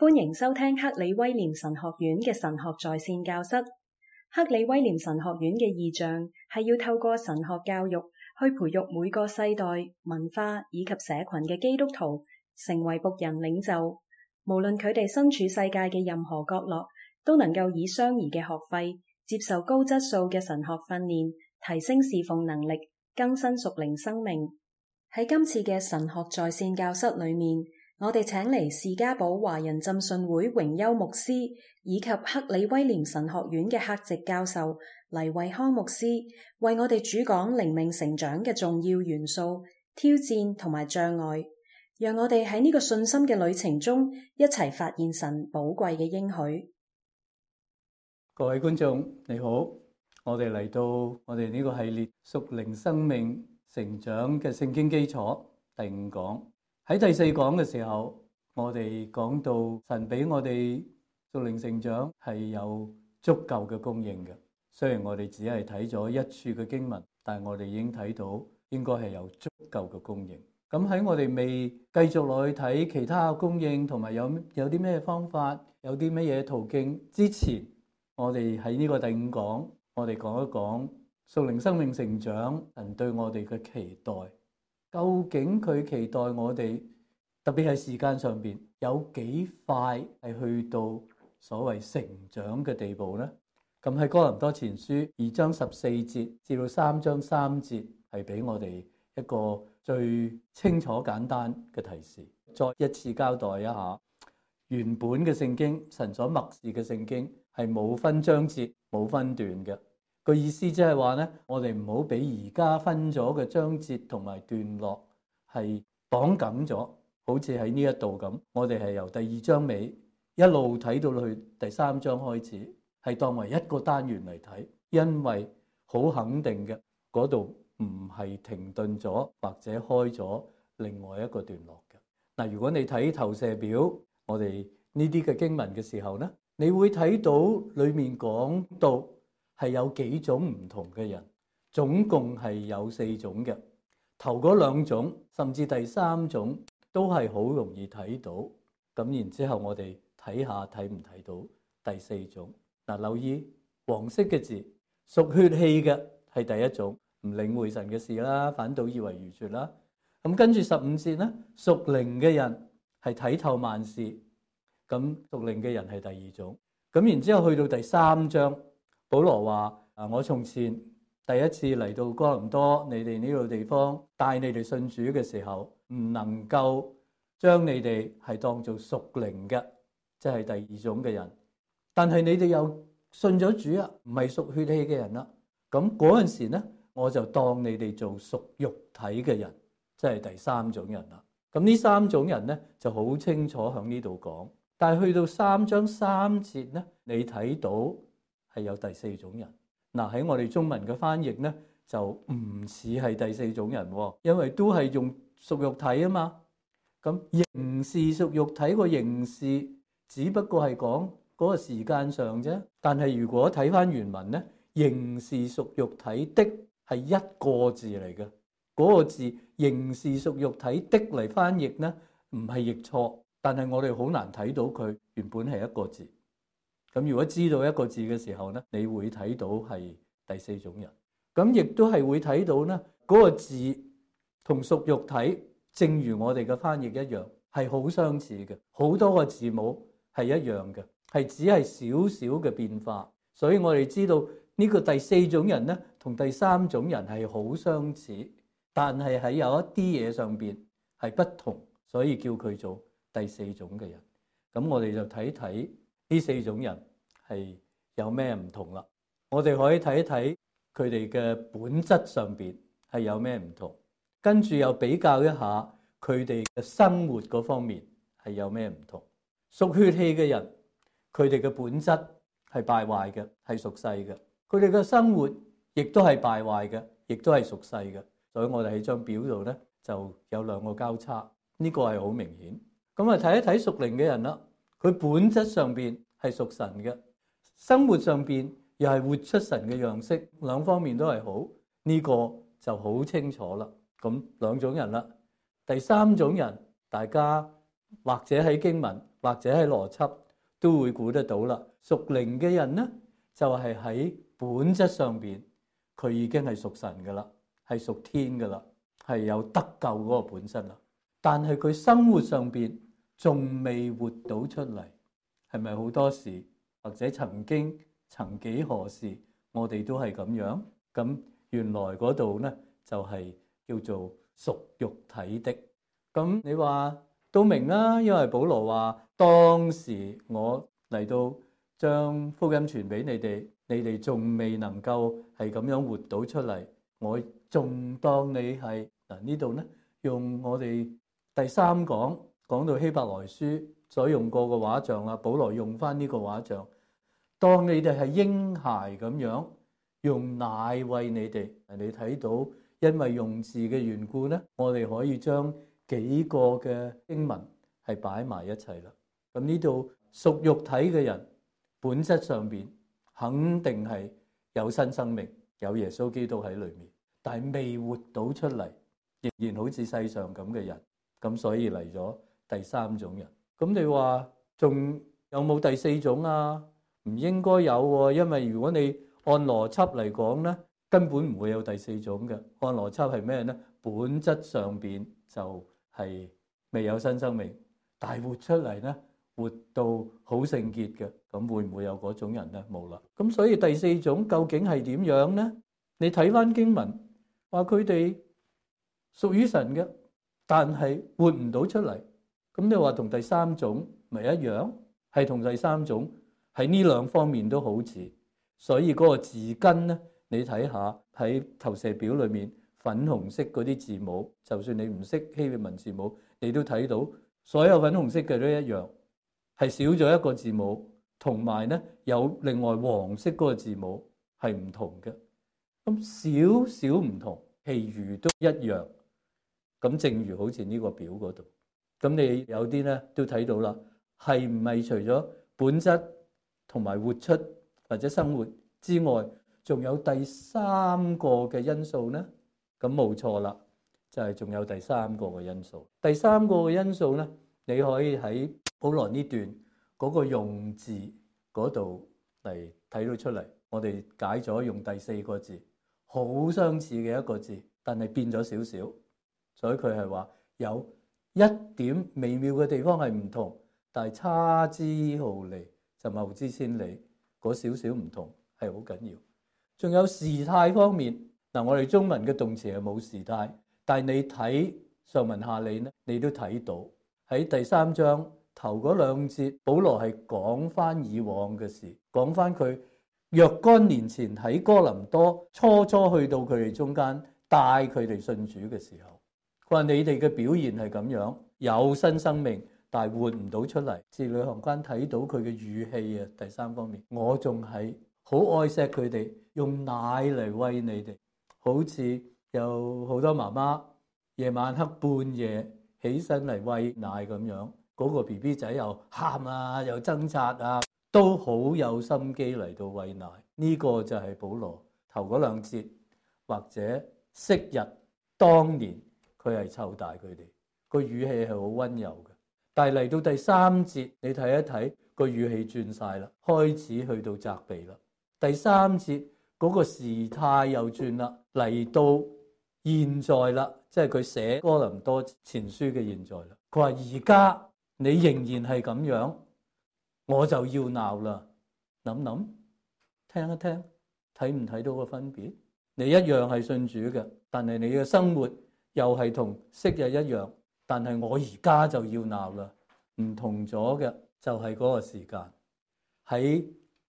歡迎收聽克里威廉神學院嘅神學在線教室。克里威廉神學院嘅異象係要透過神學教育去培育每個世代、文化以及社群嘅基督徒，成為僕人領袖。無論佢哋身處世界嘅任何角落，都能夠以相宜嘅學費接受高質素嘅神學訓練，提升侍奉能力，更新屬靈生命。喺今次嘅神學在線教室裏面，我哋請嚟士嘉堡華人浸信會榮休牧師，以及克里威廉神學院嘅客席教授黎惠康牧師，為我哋主講靈命成長嘅重要元素：挑戰同埋障礙，讓我哋喺呢個信心嘅旅程中一齊發現神寶貴嘅應許。各位觀眾你好，我哋嚟到我哋呢個系列屬靈生命成長嘅聖經基礎第五講。喺第四講嘅時候，我哋講到神俾我哋屬靈成長係有足夠嘅供應嘅。雖然我哋只係睇咗一處嘅經文，但係我哋已經睇到應該係有足夠嘅供應。咁喺我哋未繼續落去睇其他嘅供應，同埋有有啲咩方法，有啲乜嘢途徑之前，我哋喺呢個第五講，我哋講一講屬靈生命成長神對我哋嘅期待。究竟佢期待我哋，特別係時間上邊有幾快係去到所謂成長嘅地步呢？咁喺哥林多前書二章十四節至到三章三節係俾我哋一個最清楚簡單嘅提示。再一次交代一下，原本嘅聖經，神所默示嘅聖經係冇分章節、冇分段嘅。個意思即係話咧，我哋唔好俾而家分咗嘅章節同埋段落係綁緊咗，好似喺呢一度咁。我哋係由第二章尾一路睇到去第三章開始，係當為一個單元嚟睇，因為好肯定嘅嗰度唔係停頓咗或者開咗另外一個段落嘅。嗱，如果你睇投射表，我哋呢啲嘅經文嘅時候咧，你會睇到裏面講到。係有幾種唔同嘅人，總共係有四種嘅。頭嗰兩種，甚至第三種都係好容易睇到。咁然之後我看看，我哋睇下睇唔睇到第四種。嗱，留意黃色嘅字，屬血氣嘅係第一種，唔領會神嘅事啦，反倒以為如絕啦。咁跟住十五節咧，屬靈嘅人係睇透萬事。咁屬靈嘅人係第二種。咁然之後去到第三章。保羅話：啊，我從前第一次嚟到哥林多，你哋呢度地方帶你哋信主嘅時候，唔能夠將你哋係當做屬靈嘅，即係第二種嘅人。但係你哋又信咗主啊，唔係屬血氣嘅人啦。咁嗰陣時咧，我就當你哋做屬肉體嘅人，即係第三種人啦。咁呢三種人咧，就好清楚響呢度講。但係去到三章三節咧，你睇到。係有第四種人，嗱，喺我哋中文嘅翻譯咧，就唔似係第四種人，哦，因為都係用屬肉體啊嘛。咁仍是屬肉體個仍是，只不過係講嗰個時間上啫。但係如果睇返原文咧，仍是屬肉體的係一個字嚟嘅，嗰、那個字仍是屬肉體的嚟翻譯咧，唔係譯錯，但係我哋好難睇到佢原本係一個字。咁如果知道一個字嘅時候咧，你會睇到係第四種人，咁亦都係會睇到咧嗰、那個字同屬肉體，正如我哋嘅翻譯一樣，係好相似嘅，好多個字母係一樣嘅，係只係少少嘅變化。所以我哋知道呢、這個第四種人咧，同第三種人係好相似，但係喺有一啲嘢上邊係不同，所以叫佢做第四種嘅人。咁我哋就睇睇。呢四種人係有咩唔同啦？我哋可以睇一睇佢哋嘅本質上面係有咩唔同，跟住又比較一下佢哋嘅生活嗰方面係有咩唔同的。屬血氣嘅人，佢哋嘅本質係敗壞嘅，係屬世嘅；佢哋嘅生活亦都係敗壞嘅，亦都係屬世嘅。所以我哋喺張表度咧就有兩個交叉，呢、這個係好明顯。咁啊，睇一睇屬靈嘅人啦。佢本質上面係屬神嘅，生活上面又係活出神嘅樣式，兩方面都係好，呢、這個就好清楚啦。咁兩種人啦，第三種人，大家或者喺經文，或者喺邏輯，都會估得到啦。屬靈嘅人咧，就係、是、喺本質上面，佢已經係屬神噶啦，係屬天噶啦，係有得救嗰個本身啦。但係佢生活上面，仲未活到出嚟，係咪好多時？或者曾經、曾幾何時，我哋都係咁樣。咁原來嗰度呢，就係叫做屬肉體的。咁你話都明啦，因為保羅話當時我嚟到將福音傳俾你哋，你哋仲未能夠係咁樣活到出嚟，我仲當你係嗱呢度呢，用我哋第三講。講到希伯來書所用過嘅畫像啊，保羅用翻呢個畫像，當你哋係嬰孩咁樣用奶餵你哋，你睇到因為用字嘅緣故咧，我哋可以將幾個嘅英文係擺埋一齊啦。咁呢度屬肉體嘅人，本質上邊肯定係有新生命，有耶穌基督喺裏面，但係未活到出嚟，仍然好似世上咁嘅人。咁所以嚟咗。第三種人，咁你話仲有冇第四種啊？唔應該有喎，因為如果你按邏輯嚟講咧，根本唔會有第四種嘅。按邏輯係咩咧？本質上邊就係未有新生命，大活出嚟咧，活到好聖潔嘅。咁會唔會有嗰種人咧？冇啦。咁所以第四種究竟係點樣咧？你睇翻經文，話佢哋屬於神嘅，但係活唔到出嚟。咁你話同第三種咪一樣？係同第三種喺呢兩方面都好似，所以嗰個字根咧，你睇下喺投射表裏面粉紅色嗰啲字母，就算你唔識希文字母，你都睇到所有粉紅色嘅都一樣，係少咗一個字母，同埋咧有另外黃色嗰個字母係唔同嘅，咁少少唔同，其餘都一樣，咁正如好似呢個表嗰度。咁你有啲咧都睇到啦，係唔係除咗本質同埋活出或者生活之外，仲有第三個嘅因素咧？咁冇錯啦，就係、是、仲有第三個嘅因素。第三個嘅因素咧，你可以喺保羅呢段嗰個用字嗰度嚟睇到出嚟。我哋解咗用第四個字，好相似嘅一個字，但係變咗少少，所以佢係話有。一點微妙嘅地方係唔同，但係差之毫厘，就謬之千里，嗰少少唔同係好緊要。仲有時態方面，嗱，我哋中文嘅動詞係冇時態，但係你睇上文下理呢，你都睇到喺第三章頭嗰兩節，保羅係講返以往嘅事，講返佢若干年前喺哥林多初初去到佢哋中間帶佢哋信主嘅時候。話你哋嘅表現係咁樣有新生命，但係活唔到出嚟。字裡行間睇到佢嘅語氣啊。第三方面，我仲係好愛錫佢哋，用奶嚟餵你哋，好似有好多媽媽夜晚黑半夜起身嚟餵奶咁樣嗰、那個 B B 仔又喊啊，又掙扎啊，都好有心機嚟到餵奶。呢、這個就係保羅頭嗰兩節或者昔日當年。佢係湊大佢哋，個語氣係好溫柔嘅。但係嚟到第三節，你睇一睇個語氣轉晒啦，開始去到責備啦。第三節嗰個時態又轉啦，嚟到現在啦，即係佢寫哥林多前書嘅現在啦。佢話：而家你仍然係咁樣，我就要鬧啦。諗諗，聽一聽，睇唔睇到個分別？你一樣係信主嘅，但係你嘅生活。又係同昔日一樣，但係我而家就要鬧啦，唔同咗嘅就係嗰個時間。喺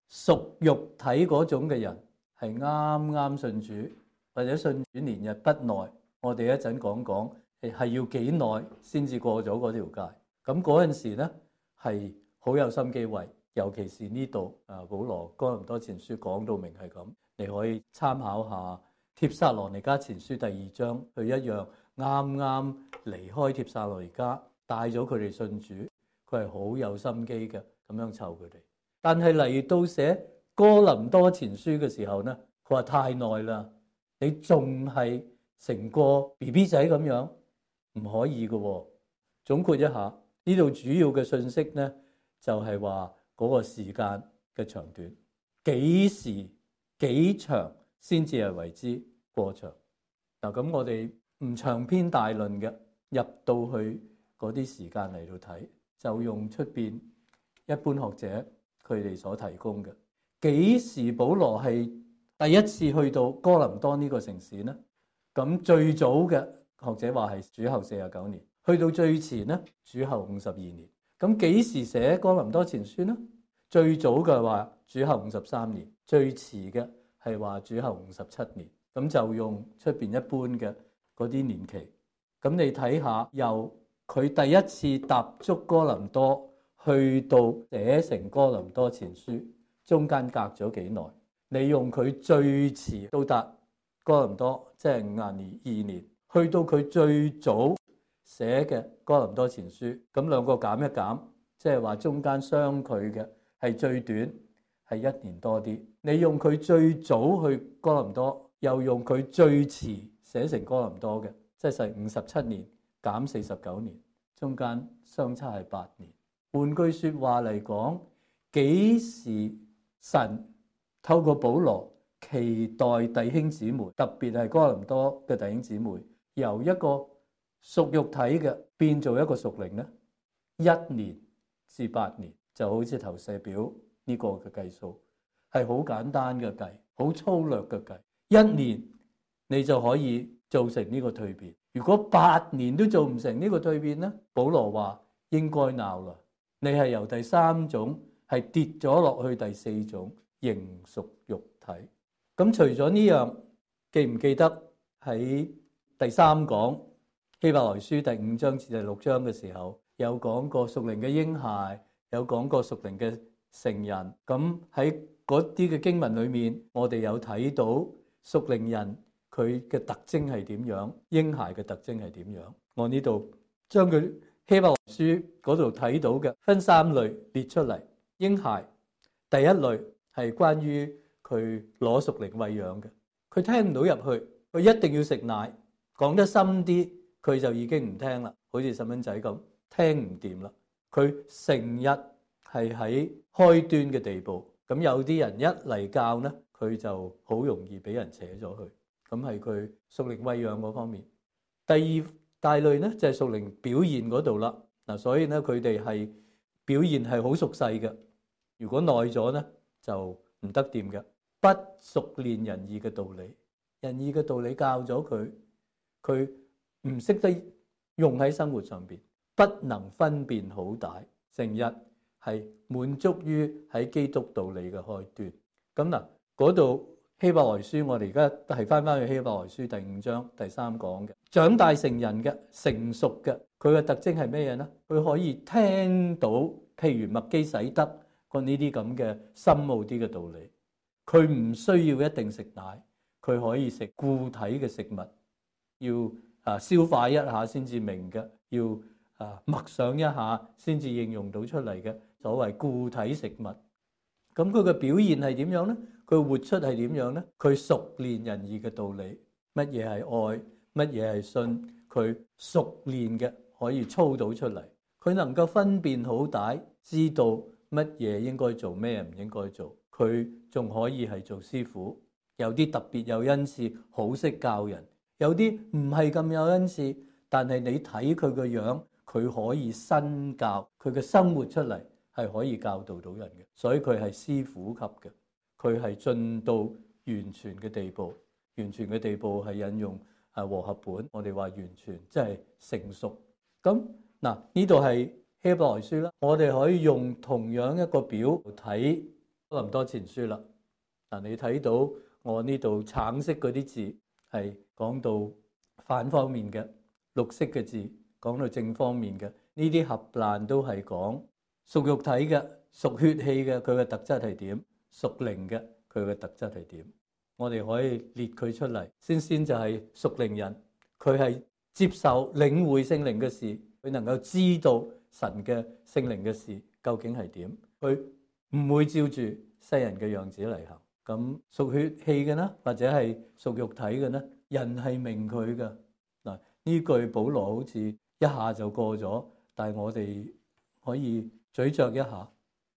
屬肉體嗰種嘅人係啱啱信主，或者信主年日不耐，我哋一陣講講係係要幾耐先至過咗嗰條界。咁嗰陣時咧係好有心機為，尤其是呢度啊，保羅，哥林多前書講到明係咁，你可以參考一下。帖撒羅尼加前書第二章，佢一樣啱啱離開帖撒羅尼加，帶咗佢哋信主，佢係好有心機嘅，咁樣湊佢哋。但係嚟到寫哥林多前書嘅時候呢，佢話太耐啦，你仲係成個 BB 仔咁樣，唔可以嘅哦。總括一下呢度主要嘅信息呢，就係話嗰個時間嘅長短，幾時幾長，先至係為之過長。嗱，咁我哋唔長篇大論嘅，入到去嗰啲時間嚟到睇，就用出邊一般學者佢哋所提供嘅。幾時保羅係第一次去到哥林多呢個城市呢？咁最早嘅學者話係主後四十九年，去到最前呢？主後五十二年。咁幾時寫《哥林多前書》呢？最早嘅話主後五十三年，最遲嘅，係話主後五十七年，咁就用出面一般嘅嗰啲年期。咁你睇下，由佢第一次踏足哥林多，去到寫成《哥林多前書》，中間隔咗幾耐？你用佢最遲到達哥林多，即係五十二年，去到佢最早寫嘅《哥林多前書》兩減減，咁兩個減一減，即係話中間相距嘅係最短，係一年多啲。你用佢最早去哥林多，又用佢最遲寫成哥林多嘅，即係五十七年減四十九年，中間相差係八年。換句說話嚟講，幾時神透過保羅期待弟兄姊妹，特別係哥林多嘅弟兄姊妹，由一個屬肉體嘅變做一個屬靈呢？一年至八年，就好似投射表呢個嘅計數。係好簡單嘅計，好粗略嘅計，一年你就可以做成呢個蛻變。如果八年都做唔成呢個蛻變咧，保羅話應該鬧啦。你係由第三種係跌咗落去第四種，仍屬肉體。咁除咗呢樣，記唔記得喺第三講希伯來書第五章至第六章嘅時候，有講過屬靈嘅嬰孩，有講過屬靈嘅。成人咁喺嗰啲嘅經文裏面，我哋有睇到屬靈人佢嘅特徵係點樣，嬰孩嘅特徵係點樣？我呢度將佢希伯來書嗰度睇到嘅分三類，列出嚟。嬰孩第一類係關於佢攞屬靈喂養嘅，佢聽唔到入去，佢一定要食奶。講得深啲，佢就已經唔聽啦，好似細蚊仔咁聽唔掂啦。佢成日。係喺開端嘅地步，咁有啲人一嚟教咧，佢就好容易俾人扯咗去。咁係佢屬靈餵養嗰方面。第二大類咧就係屬靈表現嗰度啦。嗱，所以咧佢哋係表現係好熟悉嘅。如果耐咗咧，就唔得掂嘅。不熟練仁義嘅道理，仁義嘅道理教咗佢，佢唔識得用喺生活上邊，不能分辨好歹。成日。係滿足於喺基督道理嘅開端。咁嗱，嗰度希伯來書，我哋而家係翻翻去希伯來書第五章第三講嘅，長大成人嘅成熟嘅，佢嘅特徵係咩嘢咧？佢可以聽到譬如麥基洗德嗰呢啲咁嘅深奧啲嘅道理，佢唔需要一定食奶，佢可以食固體嘅食物，要啊消化一下先至明嘅，要啊默想一下先至應用到出嚟嘅。所謂固體食物，咁佢嘅表現係點樣呢？佢活出係點樣呢？佢熟練仁義嘅道理，乜嘢係愛，乜嘢係信，佢熟練嘅可以操練出嚟。佢能夠分辨好歹，知道乜嘢應該做，咩唔應該做。佢仲可以係做師傅，有啲特別有恩賜，好識教人；有啲唔係咁有恩賜，但係你睇佢個樣，佢可以身教佢嘅生活出嚟。係可以教導到人嘅，所以佢係師傅級嘅，佢係進到完全嘅地步，完全嘅地步係引用係和合本，我哋話完全即係成熟。咁嗱呢度係希伯來書啦，我哋可以用同樣一個表睇哥林多前書啦。嗱，你睇到我呢度橙色嗰啲字係講到反方面嘅，綠色嘅字講到正方面嘅，呢啲合攪都係講。屬肉體嘅，屬血氣嘅，佢嘅特質係點？屬靈嘅，佢嘅特質係點？我哋可以列佢出嚟。先先就係屬靈人，佢係接受領會聖靈嘅事，佢能夠知道神嘅聖靈嘅事究竟係點，佢唔會照住世人嘅樣子嚟行。咁屬血氣嘅呢，或者係屬肉體嘅呢？人係明佢嘅。嗱，呢句保羅好似一下就過咗，但係我哋可以。咀嚼一下，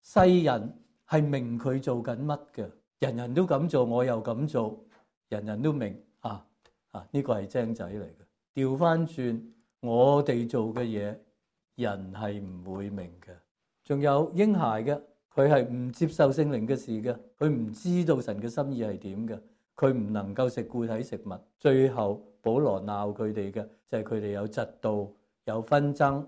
世人係明佢做緊乜嘅，人人都咁做，我又咁做，人人都明啊啊！呢個係精仔嚟嘅。調翻轉，我哋做嘅嘢，人係唔會明嘅。仲有嬰孩嘅，佢係唔接受聖靈嘅事嘅，佢唔知道神嘅心意係點嘅，佢唔能夠食固體食物。最後保羅鬧佢哋嘅，就係佢哋有嫉妒，有紛爭。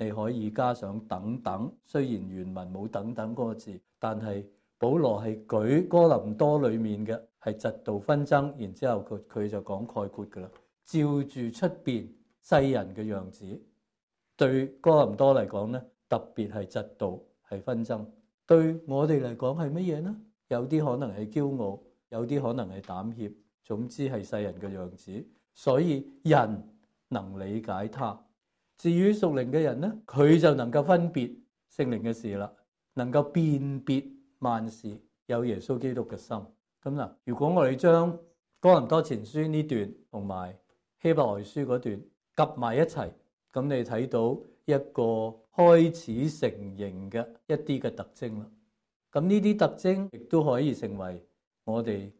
你可以加上等等，雖然原文冇等等嗰個字，但係保羅係舉哥林多裡面嘅係嫉妒紛爭，然之後佢佢就講概括噶啦，照住出邊世人嘅樣子，對哥林多嚟講咧，特別係嫉妒係紛爭，對我哋嚟講係乜嘢呢？有啲可能係驕傲，有啲可能係膽怯，總之係世人嘅樣子，所以人能理解他。至於屬靈嘅人咧，佢就能夠分別聖靈嘅事啦，能夠辨別萬事有耶穌基督嘅心。咁嗱，如果我哋將哥林多前書呢段同埋希伯來書嗰段夾埋一齊，咁你睇到一個開始成型嘅一啲嘅特徵啦。咁呢啲特徵亦都可以成為我哋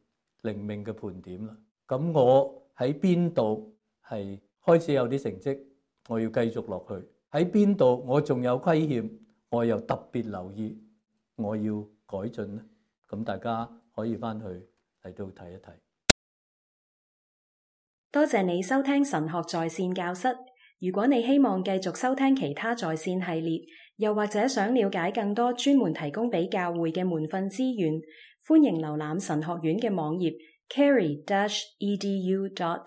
靈命嘅盤點啦。咁我喺邊度係開始有啲成績？我要繼續落去喺邊度？我仲有虧欠，我又特別留意，我要改進咧。咁大家可以返去嚟到睇一睇。多謝你收聽神學在線教室。如果你希望繼續收聽其他在線系列，又或者想了解更多專門提供畀教會嘅門訓資源，歡迎瀏覽神學院嘅網頁 carey-edu.ca。